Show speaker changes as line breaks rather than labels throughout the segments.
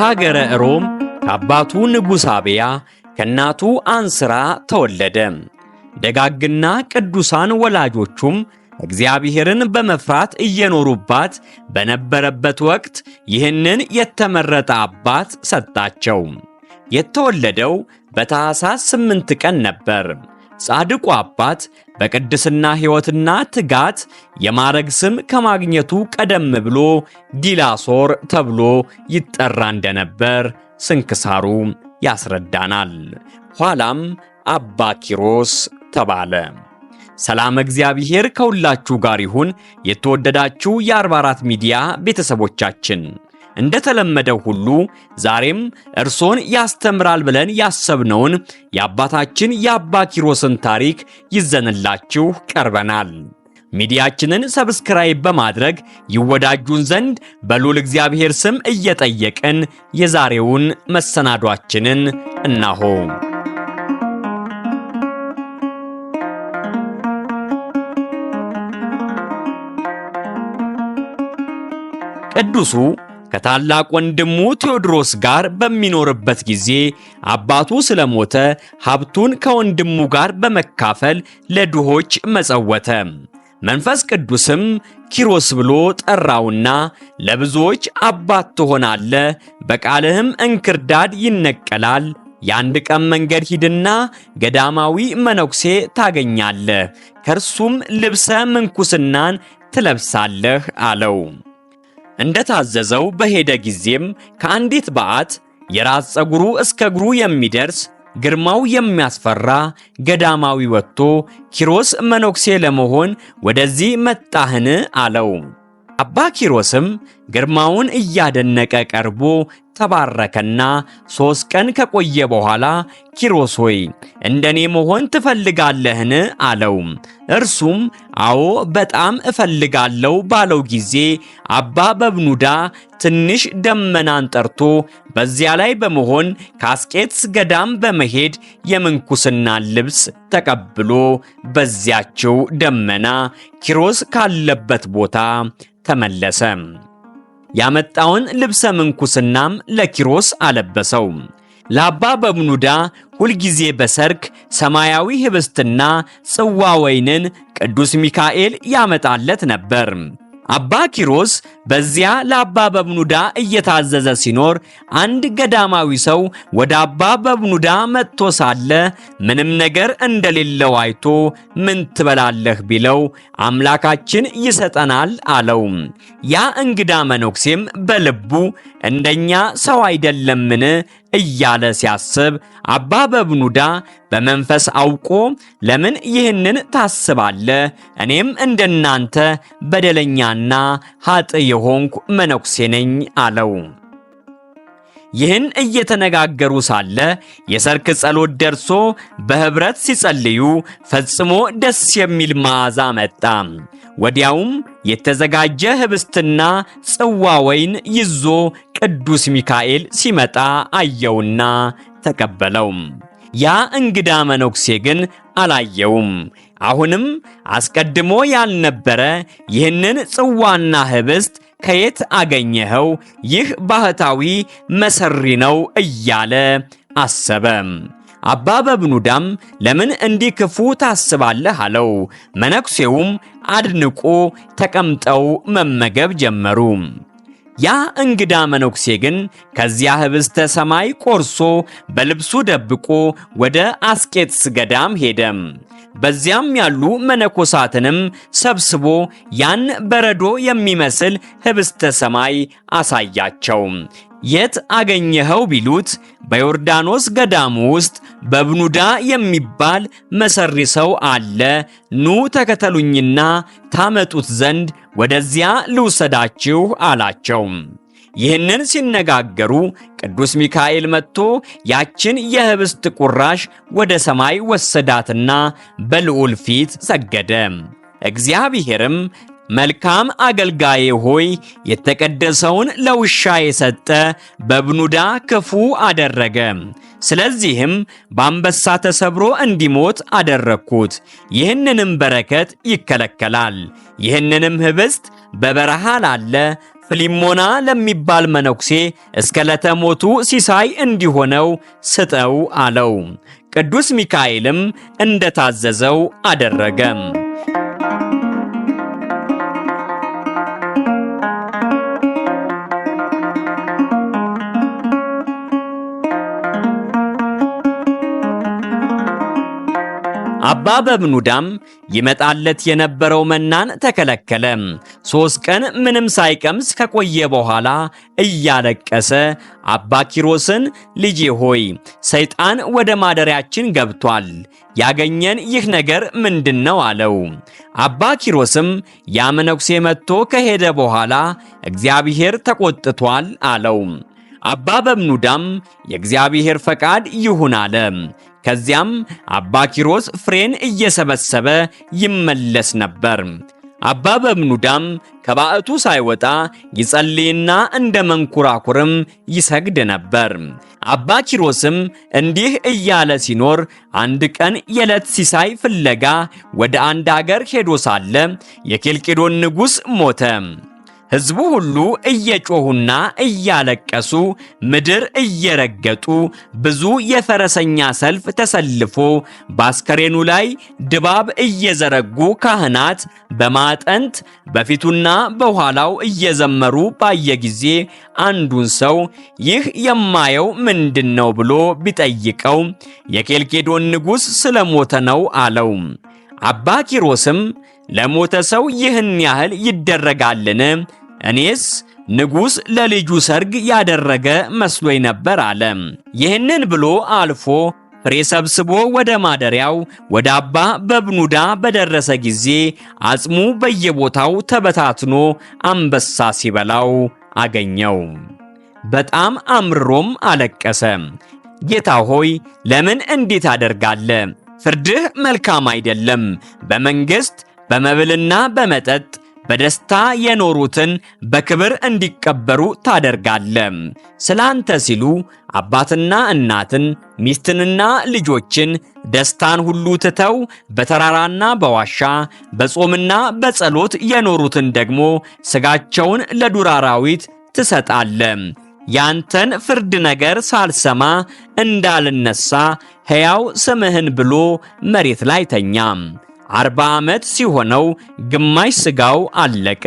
በሀገረ ሮም ከአባቱ ንጉሥ አብያ ከእናቱ አንስራ ተወለደ። ደጋግና ቅዱሳን ወላጆቹም እግዚአብሔርን በመፍራት እየኖሩባት በነበረበት ወቅት ይህንን የተመረጠ አባት ሰጣቸው። የተወለደው በታኅሳስ ስምንት ቀን ነበር። ጻድቁ አባት በቅድስና ሕይወትና ትጋት የማዕረግ ስም ከማግኘቱ ቀደም ብሎ ዲላሶር ተብሎ ይጠራ እንደነበር ስንክሳሩ ያስረዳናል። ኋላም አባ ኪሮስ ተባለ። ሰላም እግዚአብሔር ከሁላችሁ ጋር ይሁን። የተወደዳችሁ የ44 ሚዲያ ቤተሰቦቻችን እንደተለመደው ሁሉ ዛሬም እርሶን ያስተምራል ብለን ያሰብነውን የአባታችን የአባ ኪሮስን ታሪክ ይዘንላችሁ ቀርበናል። ሚዲያችንን ሰብስክራይብ በማድረግ ይወዳጁን ዘንድ በሉል እግዚአብሔር ስም እየጠየቅን የዛሬውን መሰናዷችንን እናሆ። ቅዱሱ ከታላቅ ወንድሙ ቴዎድሮስ ጋር በሚኖርበት ጊዜ አባቱ ስለሞተ ሀብቱን ከወንድሙ ጋር በመካፈል ለድሆች መጸወተ። መንፈስ ቅዱስም ኪሮስ ብሎ ጠራውና ለብዙዎች አባት ትሆናለ፣ በቃልህም እንክርዳድ ይነቀላል። የአንድ ቀን መንገድ ሂድና ገዳማዊ መነኩሴ ታገኛለህ፣ ከእርሱም ልብሰ ምንኩስናን ትለብሳለህ አለው። እንደታዘዘው በሄደ ጊዜም ከአንዲት በዓት የራስ ፀጉሩ እስከ እግሩ የሚደርስ ግርማው የሚያስፈራ ገዳማዊ ወጥቶ ኪሮስ መነኩሴ ለመሆን ወደዚህ መጣህን? አለው። አባ ኪሮስም ግርማውን እያደነቀ ቀርቦ ተባረከና ሦስት ቀን ከቆየ በኋላ ኪሮስ ሆይ እንደኔ መሆን ትፈልጋለህን? አለው። እርሱም አዎ በጣም እፈልጋለሁ ባለው ጊዜ አባ በብኑዳ ትንሽ ደመናን ጠርቶ በዚያ ላይ በመሆን ካስቄትስ ገዳም በመሄድ የምንኩስና ልብስ ተቀብሎ በዚያችው ደመና ኪሮስ ካለበት ቦታ ተመለሰ። ያመጣውን ልብሰ ምንኩስናም ለኪሮስ አለበሰው። ለአባ በብኑዳ ሁልጊዜ በሰርክ ሰማያዊ ህብስትና ጽዋ ወይንን ቅዱስ ሚካኤል ያመጣለት ነበር። አባ ኪሮስ በዚያ ለአባ በብኑዳ እየታዘዘ ሲኖር አንድ ገዳማዊ ሰው ወደ አባ በብኑዳ መጥቶ ሳለ ምንም ነገር እንደሌለው አይቶ ምን ትበላለህ ቢለው አምላካችን ይሰጠናል አለው። ያ እንግዳ መነኩሴም በልቡ እንደኛ ሰው አይደለምን እያለ ሲያስብ አባ በብኑዳ በመንፈስ አውቆ ለምን ይህንን ታስባለ! እኔም እንደናንተ በደለኛና ኃጥ የሆንኩ መነኩሴ ነኝ አለው። ይህን እየተነጋገሩ ሳለ የሰርክ ጸሎት ደርሶ በኅብረት ሲጸልዩ ፈጽሞ ደስ የሚል መዓዛ መጣ። ወዲያውም የተዘጋጀ ኅብስትና ጽዋ ወይን ይዞ ቅዱስ ሚካኤል ሲመጣ አየውና ተቀበለው። ያ እንግዳ መነኩሴ ግን አላየውም። አሁንም አስቀድሞ ያልነበረ ይህንን ጽዋና ህብስት ከየት አገኘኸው? ይህ ባህታዊ መሰሪ ነው እያለ አሰበ። አባ በብኑዳም ለምን እንዲህ ክፉ ታስባለህ? አለው። መነኩሴውም አድንቆ ተቀምጠው መመገብ ጀመሩ። ያ እንግዳ መነኩሴ ግን ከዚያ ህብስተ ሰማይ ቆርሶ በልብሱ ደብቆ ወደ አስቄጥስ ገዳም ሄደም። በዚያም ያሉ መነኮሳትንም ሰብስቦ ያን በረዶ የሚመስል ህብስተ ሰማይ አሳያቸው። የት አገኘኸው ቢሉት በዮርዳኖስ ገዳም ውስጥ በብኑዳ የሚባል መሰሪ ሰው አለ። ኑ ተከተሉኝና ታመጡት ዘንድ ወደዚያ ልውሰዳችሁ አላቸው። ይህንን ሲነጋገሩ ቅዱስ ሚካኤል መጥቶ ያችን የህብስት ቁራሽ ወደ ሰማይ ወሰዳትና በልዑል ፊት ሰገደ። እግዚአብሔርም መልካም አገልጋዬ ሆይ የተቀደሰውን ለውሻ የሰጠ በብኑዳ ክፉ አደረገ፣ ስለዚህም በአንበሳ ተሰብሮ እንዲሞት አደረግኩት። ይህንንም በረከት ይከለከላል። ይህንንም ህብስት በበረሃ ላለ ፍሊሞና ለሚባል መነኩሴ እስከ ለተሞቱ ሲሳይ እንዲሆነው ስጠው አለው። ቅዱስ ሚካኤልም እንደታዘዘው አደረገ። አባ በብኑዳም ይመጣለት የነበረው መናን ተከለከለ። ሦስት ቀን ምንም ሳይቀምስ ከቆየ በኋላ እያለቀሰ አባ ኪሮስን ልጄ ሆይ ሰይጣን ወደ ማደሪያችን ገብቷል፣ ያገኘን ይህ ነገር ምንድን ነው አለው። አባ ኪሮስም ያ መነኩሴ መጥቶ ከሄደ በኋላ እግዚአብሔር ተቆጥቷል አለው። አባ በምኑዳም የእግዚአብሔር ፈቃድ ይሁን አለ። ከዚያም አባ ኪሮስ ፍሬን እየሰበሰበ ይመለስ ነበር። አባ በምኑዳም ከባዕቱ ሳይወጣ ይጸልይና እንደ መንኩራኩርም ይሰግድ ነበር። አባ ኪሮስም እንዲህ እያለ ሲኖር አንድ ቀን የዕለት ሲሳይ ፍለጋ ወደ አንድ አገር ሄዶ ሳለ የኬልቄዶን ንጉሥ ሞተ። ሕዝቡ ሁሉ እየጮኹና እያለቀሱ ምድር እየረገጡ ብዙ የፈረሰኛ ሰልፍ ተሰልፎ በአስከሬኑ ላይ ድባብ እየዘረጉ ካህናት በማጠንት በፊቱና በኋላው እየዘመሩ ባየ ጊዜ አንዱን ሰው ይህ የማየው ምንድን ነው ብሎ ቢጠይቀው የኬልቄዶን ንጉሥ ስለሞተ ነው አለው። አባ ኪሮስም ለሞተ ሰው ይህን ያህል ይደረጋልን? እኔስ ንጉሥ ለልጁ ሰርግ ያደረገ መስሎኝ ነበር አለ። ይህንን ብሎ አልፎ ፍሬ ሰብስቦ ወደ ማደሪያው ወደ አባ በብኑዳ በደረሰ ጊዜ አጽሙ በየቦታው ተበታትኖ አንበሳ ሲበላው አገኘው። በጣም አምርሮም አለቀሰ። ጌታ ሆይ ለምን እንዴት አደርጋለ? ፍርድህ መልካም አይደለም። በመንግሥት በመብልና በመጠጥ በደስታ የኖሩትን በክብር እንዲቀበሩ ታደርጋለ። ስላንተ ሲሉ አባትና እናትን ሚስትንና ልጆችን ደስታን ሁሉ ትተው በተራራና በዋሻ በጾምና በጸሎት የኖሩትን ደግሞ ሥጋቸውን ለዱር አራዊት ትሰጣለ። ያንተን ፍርድ ነገር ሳልሰማ እንዳልነሳ ሕያው ስምህን ብሎ መሬት ላይ ተኛም። አርባ ዓመት ሲሆነው ግማሽ ሥጋው አለቀ።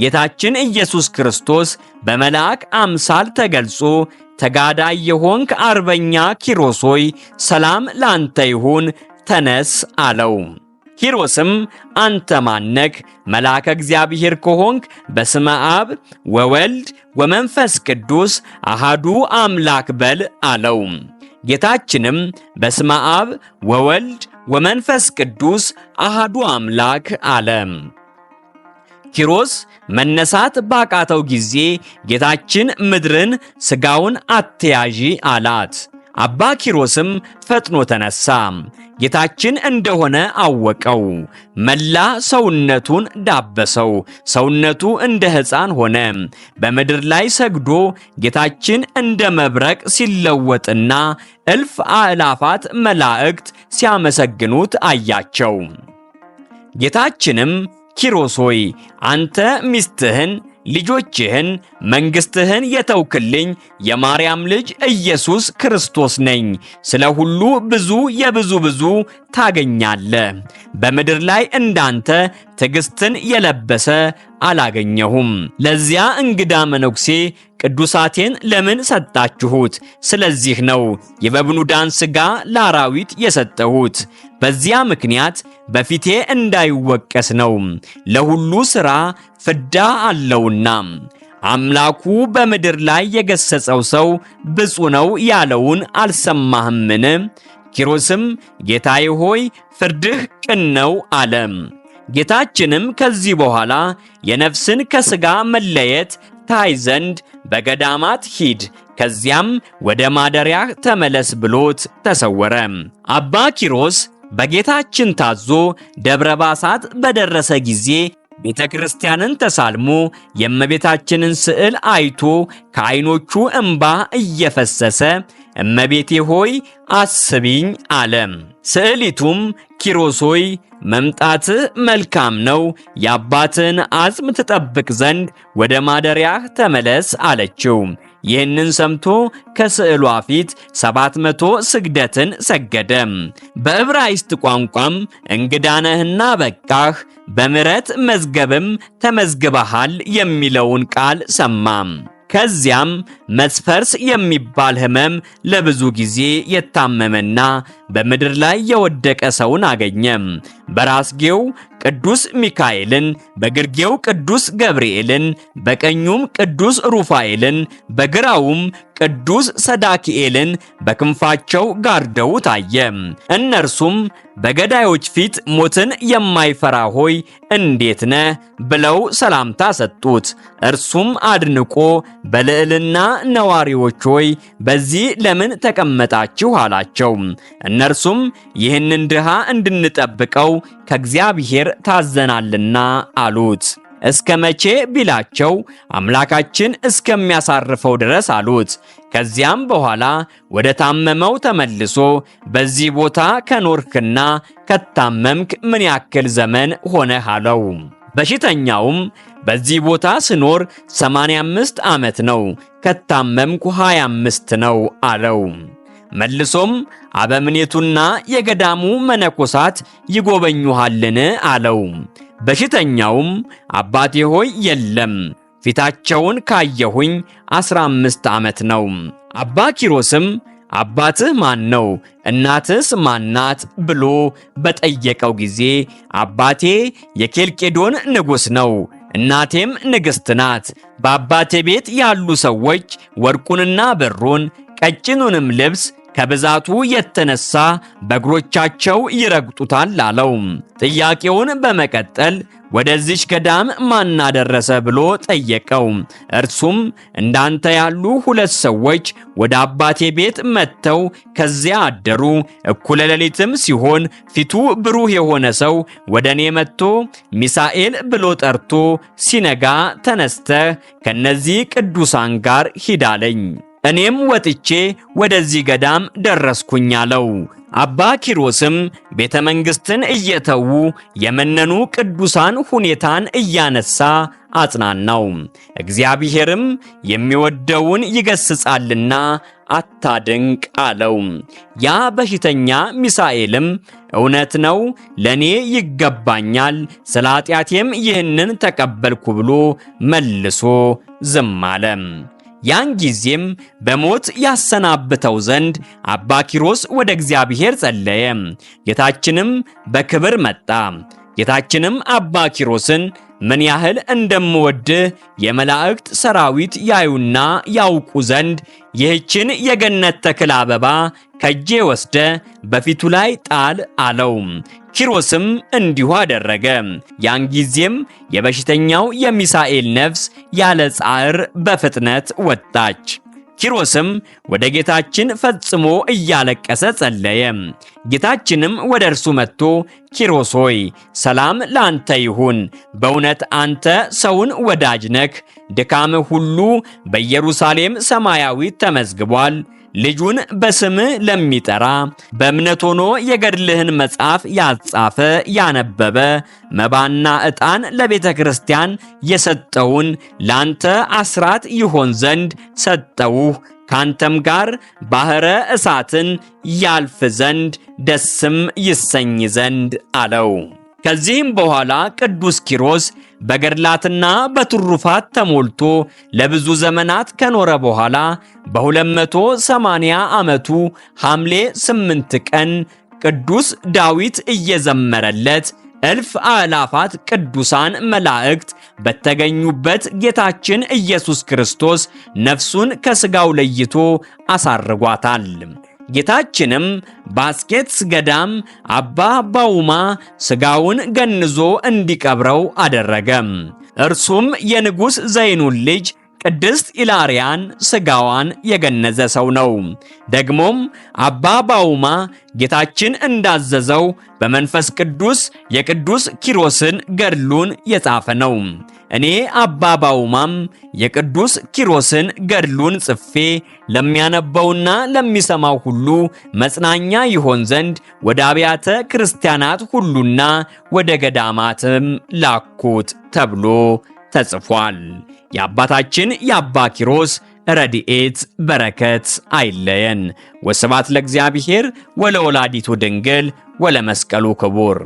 ጌታችን ኢየሱስ ክርስቶስ በመልአክ አምሳል ተገልጾ ተጋዳይ የሆንክ አርበኛ ኪሮስ ሆይ ሰላም ላንተ ይሁን፣ ተነስ አለው። ኪሮስም አንተ ማነክ? መልአከ እግዚአብሔር ከሆንክ በስመ አብ ወወልድ ወመንፈስ ቅዱስ አሃዱ አምላክ በል አለው። ጌታችንም በስመ አብ ወወልድ ወመንፈስ ቅዱስ አሃዱ አምላክ አለ። ኪሮስ መነሳት ባቃተው ጊዜ ጌታችን ምድርን ሥጋውን አትያዢ አላት። አባ ኪሮስም ፈጥኖ ተነሳ፣ ጌታችን እንደሆነ አወቀው። መላ ሰውነቱን ዳበሰው፣ ሰውነቱ እንደ ሕፃን ሆነ። በምድር ላይ ሰግዶ ጌታችን እንደ መብረቅ ሲለወጥና እልፍ አእላፋት መላእክት ሲያመሰግኑት አያቸው። ጌታችንም ኪሮስ ሆይ አንተ ሚስትህን ልጆችህን መንግሥትህን የተውክልኝ የማርያም ልጅ ኢየሱስ ክርስቶስ ነኝ። ስለ ሁሉ ብዙ የብዙ ብዙ ታገኛለህ። በምድር ላይ እንዳንተ ትዕግስትን የለበሰ አላገኘሁም። ለዚያ እንግዳ መነኩሴ ቅዱሳቴን ለምን ሰጣችሁት? ስለዚህ ነው የበብኑዳን ሥጋ ለአራዊት የሰጠሁት። በዚያ ምክንያት በፊቴ እንዳይወቀስ ነው። ለሁሉ ሥራ ፍዳ አለውና አምላኩ በምድር ላይ የገሰጸው ሰው ብፁ ነው ያለውን አልሰማህምን? ኪሮስም ጌታዬ ሆይ ፍርድህ ቅን ነው አለ። ጌታችንም ከዚህ በኋላ የነፍስን ከሥጋ መለየት ታይ ዘንድ በገዳማት ሂድ፣ ከዚያም ወደ ማደሪያ ተመለስ ብሎት ተሰወረ። አባ ኪሮስ በጌታችን ታዞ ደብረ ባሳት በደረሰ ጊዜ ቤተ ክርስቲያንን ተሳልሞ የእመቤታችንን ስዕል አይቶ ከዐይኖቹ እምባ እየፈሰሰ እመቤቴ ሆይ አስቢኝ አለ። ስዕሊቱም ኪሮስ ሆይ መምጣትህ መልካም ነው፣ የአባትን አጽም ትጠብቅ ዘንድ ወደ ማደሪያህ ተመለስ አለችው። ይህንን ሰምቶ ከስዕሏ ፊት ሰባት መቶ ስግደትን ሰገደ። በዕብራይስጥ ቋንቋም እንግዳነህና በቃህ በምረት መዝገብም ተመዝግበሃል የሚለውን ቃል ሰማም። ከዚያም መስፈርስ የሚባል ህመም ለብዙ ጊዜ የታመመና በምድር ላይ የወደቀ ሰውን አገኘ። በራስጌው ቅዱስ ሚካኤልን፣ በግርጌው ቅዱስ ገብርኤልን፣ በቀኙም ቅዱስ ሩፋኤልን፣ በግራውም ቅዱስ ሰዳኪኤልን በክንፋቸው ጋርደው ታየ። እነርሱም በገዳዮች ፊት ሞትን የማይፈራ ሆይ እንዴት ነ ብለው ሰላምታ ሰጡት። እርሱም አድንቆ በልዕልና ነዋሪዎች ሆይ በዚህ ለምን ተቀመጣችሁ አላቸው። እነርሱም ይህንን ድሃ እንድንጠብቀው ከእግዚአብሔር ታዘናልና አሉት። እስከ መቼ ቢላቸው አምላካችን እስከሚያሳርፈው ድረስ አሉት። ከዚያም በኋላ ወደ ታመመው ተመልሶ በዚህ ቦታ ከኖርክና ከታመምክ ምን ያክል ዘመን ሆነህ አለው። በሽተኛውም በዚህ ቦታ ስኖር 85 ዓመት ነው፣ ከታመምኩ 25 ነው አለው። መልሶም አበምኔቱና የገዳሙ መነኮሳት ይጎበኙሃልን አለው። በሽተኛውም አባቴ ሆይ የለም፣ ፊታቸውን ካየሁኝ አስራ አምስት ዓመት ነው። አባ ኪሮስም አባትህ ማን ነው? እናትስ ማናት? ብሎ በጠየቀው ጊዜ አባቴ የኬልቄዶን ንጉሥ ነው፣ እናቴም ንግሥት ናት። በአባቴ ቤት ያሉ ሰዎች ወርቁንና ብሩን ቀጭኑንም ልብስ ከብዛቱ የተነሳ በእግሮቻቸው ይረግጡታል አለው። ጥያቄውን በመቀጠል ወደዚች ገዳም ማናደረሰ ብሎ ጠየቀው። እርሱም እንዳንተ ያሉ ሁለት ሰዎች ወደ አባቴ ቤት መጥተው ከዚያ አደሩ። እኩለ ሌሊትም ሲሆን ፊቱ ብሩህ የሆነ ሰው ወደ እኔ መጥቶ ሚሳኤል ብሎ ጠርቶ ሲነጋ ተነስተ ከነዚህ ቅዱሳን ጋር ሂዳለኝ እኔም ወጥቼ ወደዚህ ገዳም ደረስኩኝ አለው። አባ ኪሮስም ቤተ መንግሥትን እየተዉ የመነኑ ቅዱሳን ሁኔታን እያነሳ አጽናናው። እግዚአብሔርም የሚወደውን ይገስጻልና አታድንቅ አለው። ያ በሽተኛ ሚሳኤልም እውነት ነው፣ ለእኔ ይገባኛል፣ ስለ ኃጢአቴም ይህንን ተቀበልኩ ብሎ መልሶ ዝም አለ። ያን ጊዜም በሞት ያሰናብተው ዘንድ አባ ኪሮስ ወደ እግዚአብሔር ጸለየ። ጌታችንም በክብር መጣ። ጌታችንም አባ ኪሮስን ምን ያህል እንደምወድህ የመላእክት ሰራዊት ያዩና ያውቁ ዘንድ ይህችን የገነት ተክል አበባ ከጄ ወስደ በፊቱ ላይ ጣል አለው። ኪሮስም እንዲሁ አደረገ። ያን ጊዜም የበሽተኛው የሚሳኤል ነፍስ ያለ ጻዕር በፍጥነት ወጣች። ኪሮስም ወደ ጌታችን ፈጽሞ እያለቀሰ ጸለየ። ጌታችንም ወደ እርሱ መጥቶ ኪሮስ ሆይ ሰላም ለአንተ ይሁን፣ በእውነት አንተ ሰውን ወዳጅ ነህ፣ ድካምህ ሁሉ በኢየሩሳሌም ሰማያዊት ተመዝግቧል ልጁን በስም ለሚጠራ በእምነት ሆኖ የገድልህን መጽሐፍ ያጻፈ ያነበበ መባና ዕጣን ለቤተ ክርስቲያን የሰጠውን ላንተ አስራት ይሆን ዘንድ ሰጠውህ። ካንተም ጋር ባሕረ እሳትን ያልፍ ዘንድ ደስም ይሰኝ ዘንድ አለው። ከዚህም በኋላ ቅዱስ ኪሮስ በገድላትና በትሩፋት ተሞልቶ ለብዙ ዘመናት ከኖረ በኋላ በ280 ዓመቱ ሐምሌ 8 ቀን ቅዱስ ዳዊት እየዘመረለት እልፍ አእላፋት ቅዱሳን መላእክት በተገኙበት ጌታችን ኢየሱስ ክርስቶስ ነፍሱን ከሥጋው ለይቶ አሳርጓታል። ጌታችንም ባስኬትስ ገዳም አባ አባውማ ሥጋውን ገንዞ እንዲቀብረው አደረገ። እርሱም የንጉሥ ዘይኑን ልጅ ቅድስት ኢላሪያን ስጋዋን የገነዘ ሰው ነው። ደግሞም አባ ባውማ ጌታችን እንዳዘዘው በመንፈስ ቅዱስ የቅዱስ ኪሮስን ገድሉን የጻፈ ነው። እኔ አባ ባውማም የቅዱስ ኪሮስን ገድሉን ጽፌ ለሚያነበውና ለሚሰማው ሁሉ መጽናኛ ይሆን ዘንድ ወደ አብያተ ክርስቲያናት ሁሉና ወደ ገዳማትም ላኩት ተብሎ ተጽፏል። የአባታችን የአባ ኪሮስ ረድኤት በረከት አይለየን። ወስባት ለእግዚአብሔር ወለወላዲቱ ድንግል ወለመስቀሉ ክቡር